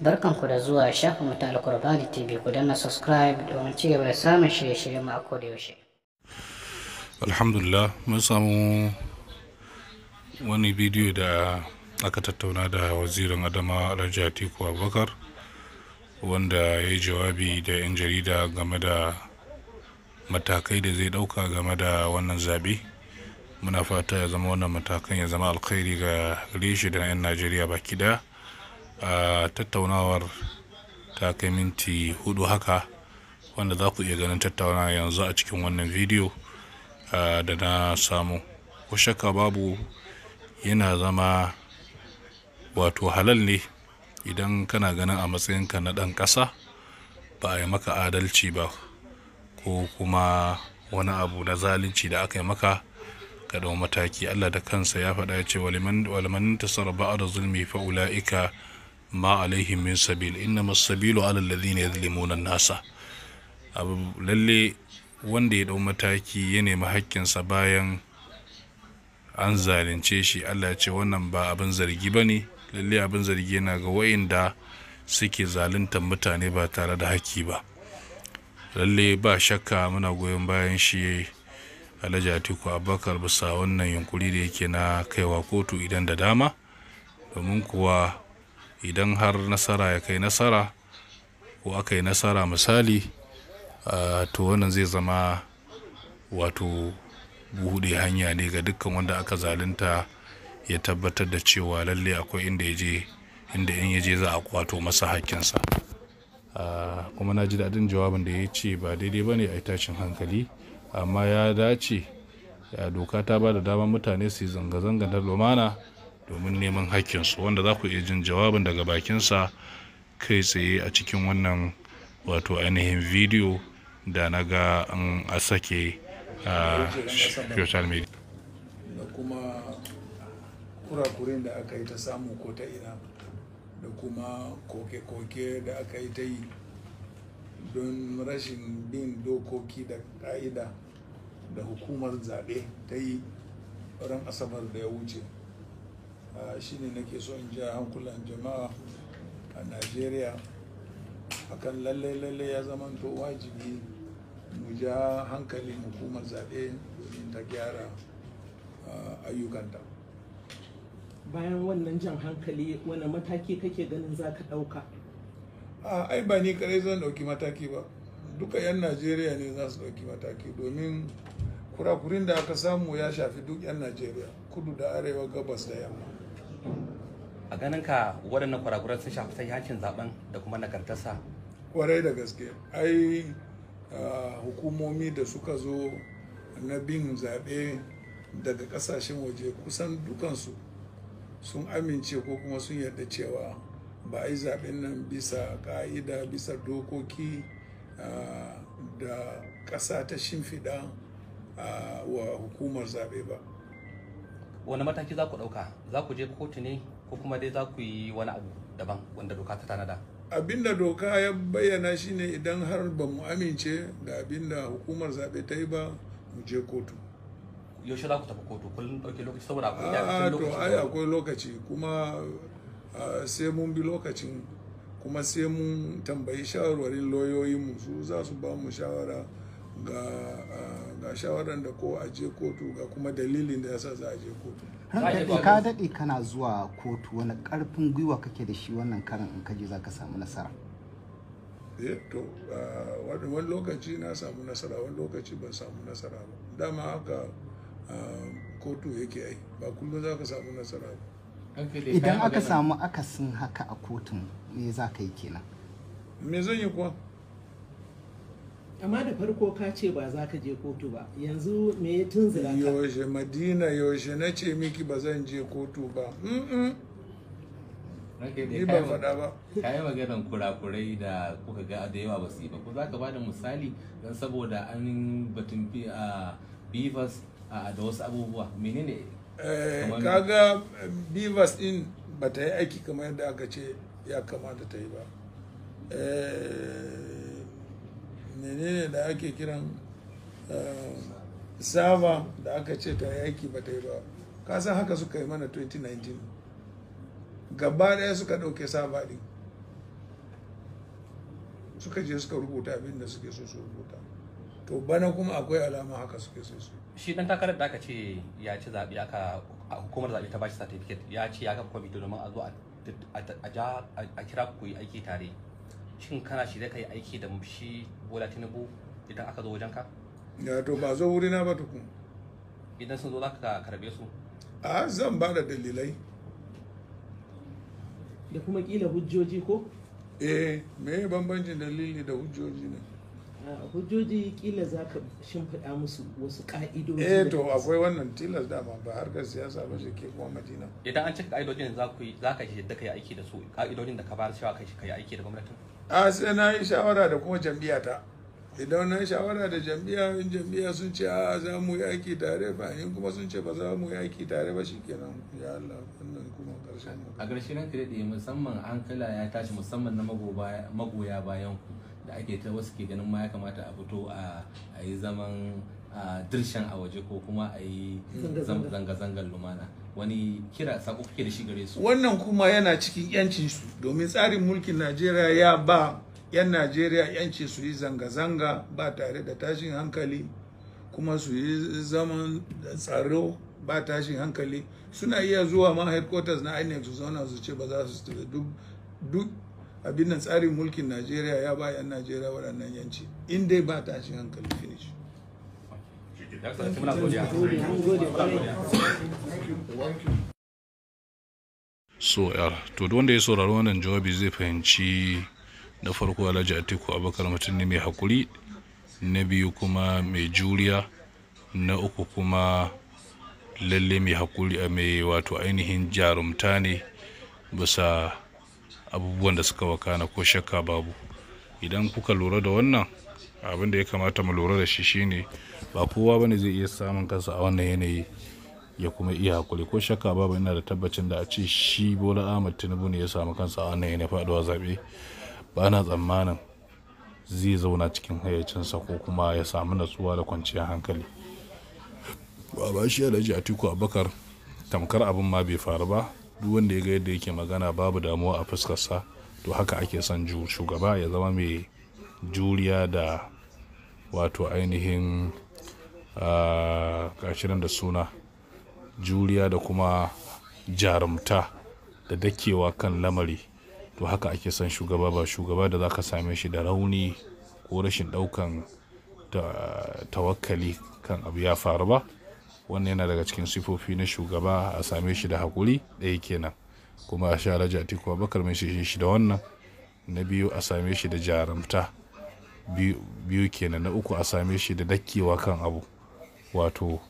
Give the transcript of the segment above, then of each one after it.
barkan ku da zuwa shafin mu ta alkurbani tv ku danna subscribe domin ci gaba da samun shirye-shiryen mu a koda yaushe alhamdulillah mun samu wani bidiyo da aka tattauna da wazirin adama alhaji atiku abubakar wanda ya yi jawabi da 'yan jarida game da matakai da zai dauka game da wannan zaɓe muna fata ya zama wannan matakan ya zama alkhairi ga gare shi da 'yan najeriya baki daya a tattaunawar ta kai minti hudu haka wanda za ku iya ganin tattaunawa yanzu a cikin wannan bidiyo da na samu ko shakka babu yana zama wato halal ne idan kana ganin a matsayinka na ɗan ƙasa ba a yi maka adalci ba ko kuma wani abu na zalunci da aka yi maka ka mataki Allah da kansa ya faɗa ya ce waliman tasarra ba'ar da zulmi fa'ula'ika ma alaihim min sabil innama sabilu ala alladhina yadhlimuna nasa abu lalle wanda ya dau mataki ya nemi haƙƙinsa bayan an zalunce shi Allah ce wannan ba abin zargi ba ne lalle abin zargi yana ga wayanda suke zaluntar mutane ba tare da haƙƙi ba lalle ba shakka muna goyon bayan shi alhaji atiku abubakar bisa wannan yunkuri da yake na kaiwa kotu idan da dama domin kuwa idan har nasara ya kai nasara ko aka yi nasara misali to wannan zai zama wato buɗe hanya ne ga dukkan wanda aka zalunta ya tabbatar da cewa lalle akwai inda ya je inda in ya je za a kwato masa hakkinsa kuma na ji daɗin jawabin da ya ce ba daidai ba ne a tashin hankali amma ya dace doka ta ba da damar mutane su yi zanga-zanga na lumana domin neman hakkinsu wanda za ku iya jin jawabin daga bakinsa kai tsaye a cikin wannan wato ainihin bidiyo da na ga an a sake a social media da kuma kurakurin da aka yi ta samu ko ta ina da kuma koke-koke da aka yi ta yi don rashin bin dokoki da ka'ida da hukumar zaɓe ta yi ran asabar da ya wuce shi ne nake so in ja hankulan jama'a a najeriya akan lallai lallai ya zama to wajibi mu ja hankalin hukumar zaɓe domin ta gyara ayyukanta bayan wannan jan hankali wani mataki kake ganin za ka ɗauka ai ba ni kare zan ɗauki mataki ba duka 'yan najeriya ne za su ɗauki mataki domin kurakurin da aka samu ya shafi duk 'yan najeriya kudu da arewa gabas da yamma a ganin ka waɗannan kurakuran sun shafi yakin zaben da kuma nagartarsa kwarai da gaske ai hukumomi da suka zo na bin zaɓe daga ƙasashen waje kusan dukansu sun amince ko kuma sun yarda cewa ba a yi zaɓen nan bisa ƙa'ida bisa dokoki da ƙasa ta shimfiɗa wa hukumar zaɓe ba wani mataki za ku ɗauka za ku je kotu ne ko kuma dai za ku yi wani abu daban wanda doka ta tanada abin da doka ya bayyana shine idan har ba mu amince da abin da hukumar zaɓe ta yi ba mu je kotu yaushe za ku tafi kotu kullum ɗauke lokaci saboda akwai lokaci to ai akwai lokaci kuma sai mun bi lokacin kuma sai mun tambayi shawarwarin lauyoyinmu su za su ba mu shawara ga shawaran da ko a je kotu ga kuma dalilin da ya sa za a je kotu ka daɗe kana zuwa kotu wani ƙarfin gwiwa kake da shi wannan karin in ka je za ka samu nasara eh, to wani lokaci na samu nasara wani lokaci ban samu nasara ba dama haka kotu yake ai ba kullum za ka samu nasara ba idan aka samu akasin haka a kotun me za ka yi kenan me zan yi kuwa amma da farko ka ce ba za ka je kotu ba yanzu me ya tunzura ka yaushe madina yaushe na ce miki ba zan je kotu ba ni ba faɗa ba ka yi maganar kurakurai da kuka ga da yawa ba su yi ba ko za ka bada misali don saboda an batun bivas da wasu abubuwa menene eh, kaga eh, bivas din ba ta yi aiki kamar yadda aka ce ya kamata ta yi ba eh, menene da ake kiran eh, sava da aka ce ta yaki ba ta yi ba kasan haka suka yi mana 2019 gaba daya suka dauke sava din suka je suka rubuta abin da suke so su rubuta to bana kuma akwai alama haka suke so su shi dan takarar da aka ce ya ci zaɓe aka hukumar zaɓe ta bashi certificate ya ce ya kafa kwamiti domin a zo a kira ku yi aiki tare shin kana shi zai kai aiki da shi bola tinubu idan aka zo wajenka ya to ba zo wurina ba tukun idan sun zo za ka karbe su a zan ba da dalilai da kuma kila hujjoji ko eh me bambancin dalili da hujjoji ne hujjoji kila za ka shimfiɗa musu wasu ƙa'idoji eh to akwai wannan tilas dama ba harkar siyasa ba shi ke kuma madina idan an cika ka'idojin za ka ka yi aiki da su ka'idojin da ka bayar cewa ka yi aiki da gwamnatin a ah, sai na yi shawara da kuma ta idan na yi shawara da jam'iyya in jam'iyya sun ce a ah, za mu yi aiki tare ba in kuma sun ce ba za mu yi aiki tare ba shikenan ya Allah wannan kuma karshen a ƙarshe ranka yi musamman kala ya tashi musamman na magoya bayan ku da ake ta wasu ke ganin ma ya kamata a fito a yi zaman dirshan a waje ko kuma a yi zanga-zangar lumana wani kira sako kuke da shi gare su wannan kuma yana cikin yancin su domin tsarin mulkin Najeriya ya ba yan Najeriya yanci su yi zanga-zanga ba tare da tashin hankali kuma su yi zaman tsaro ba tashin hankali suna iya zuwa ma headquarters na INEC su zauna su ce ba za su duk duk abin nan tsarin mulkin Najeriya ya ba yan Najeriya waɗannan yanci in dai ba tashin hankali finish. so yar to duk wanda ya saurari wannan jawabi zai fahimci na farko alhaji atiku abubakar mutum ne mai hakuri na biyu kuma mai juriya na uku kuma lalle mai hakuri a mai wato ainihin jarumta ne bisa abubuwan da suka na ko shakka babu idan kuka lura da wannan abin da ya kamata mu lura da shi shine ba kowa bane zai iya samun kansa a wannan yanayi ya kuma iya hakuri ko shakka babu yana da tabbacin da a ce shi bola ahmad tinubu ne ya samu kansa a ya ya faduwa zaɓe ba na tsammanin zai zauna cikin hayyacinsa ko kuma ya samu natsuwa da kwanciyar hankali ba shi alhaji atiku abubakar tamkar abin ma bai faru ba duk wanda ya ga yadda yake magana babu damuwa a fuskarsa to haka ake son shugaba ya zama mai juriya da wato ainihin kashirin ah, da suna juriya da kuma jarumta da dakewa kan lamari to haka ake son shugaba ba shugaba da za ka same shi da rauni ko rashin ɗaukan tawakkali kan abu ya faru ba wannan yana daga cikin sifofi na shugaba a same shi da haƙuri ɗaya kenan kuma a sha raja atiku abakar mai shi shi da wannan na biyu a same shi da jarumta biyu kenan na uku a same shi da dakewa kan abu wato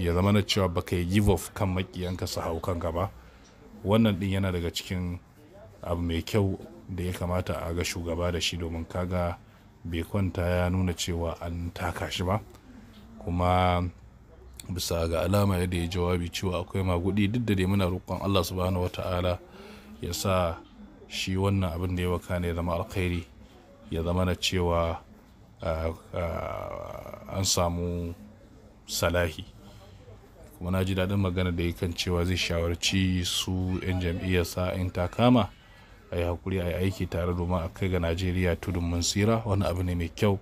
ya zama na cewa baka yi give off kan makiyanka su hau kanka ba wannan din yana daga cikin abu mai kyau da ya kamata a ga shugaba da shi domin kaga bai kwanta ya nuna cewa an taka shi ba kuma bisa ga alama yadda ya jawabi cewa akwai magudi duk da dai muna roƙon Allah subhanahu wata'ala ya sa shi wannan abin da ya waka ne ya zama alkhairi ya zama na cewa ah, ah, an samu salahi kuma na ji daɗin magana da kan cewa zai shawarci su 'yan sa in ta kama a yi hakuri a yi aiki tare domin a kai ga najeriya tudun mun tsira wani abu ne mai kyau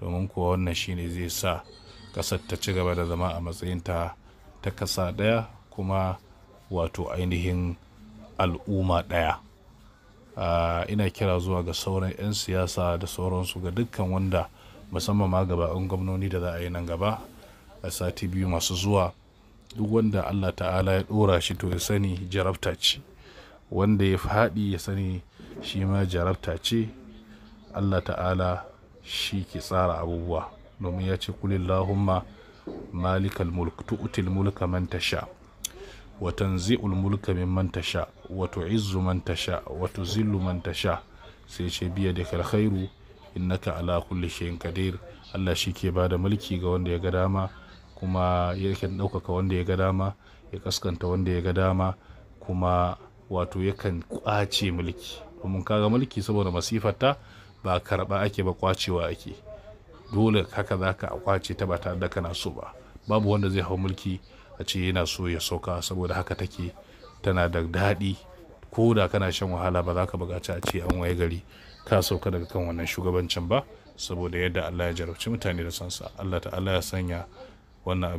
domin kuwa wannan shine zai sa ƙasar ta ci gaba da zama a matsayin ta ta kasa ɗaya kuma wato ainihin al'umma ɗaya ina kira zuwa ga sauran 'yan siyasa da sauransu ga dukkan wanda musamman ma gaba gwamnoni da za a yi nan gaba a sati biyu masu zuwa duk wanda Allah ta'ala ya ɗora shi to ya sani jarabta ce wanda ya faɗi ya sani shi ma jarabta ce Allah ta'ala shi ke tsara abubuwa domin ya ce kulillahumma malikal mulk tu'til mulka man tasha wa tanzi'ul mulka mimman tasha wa tu'izzu man tasha wa tuzillu sai ce biya da khairu innaka ala kulli shay'in qadir Allah shi ke bada mulki ga wanda ya ga dama kuma yakan ɗaukaka wanda ya ga dama ya kaskanta wanda ya ga dama kuma wato yakan ƙwace mulki domin kaga mulki saboda masifarta ba karɓa ake ba kwacewa ake dole haka za ka ƙwace ta ba tare da kana so ba babu wanda zai hau mulki a ce yana so ya sauka saboda haka take tana da daɗi ko da kana shan wahala ba za ka buƙaci a ce an waye gari ka sauka daga kan wannan shugabancin ba saboda yadda Allah ya jarabci mutane da sansa Allah ta'ala ya sanya وأن أبي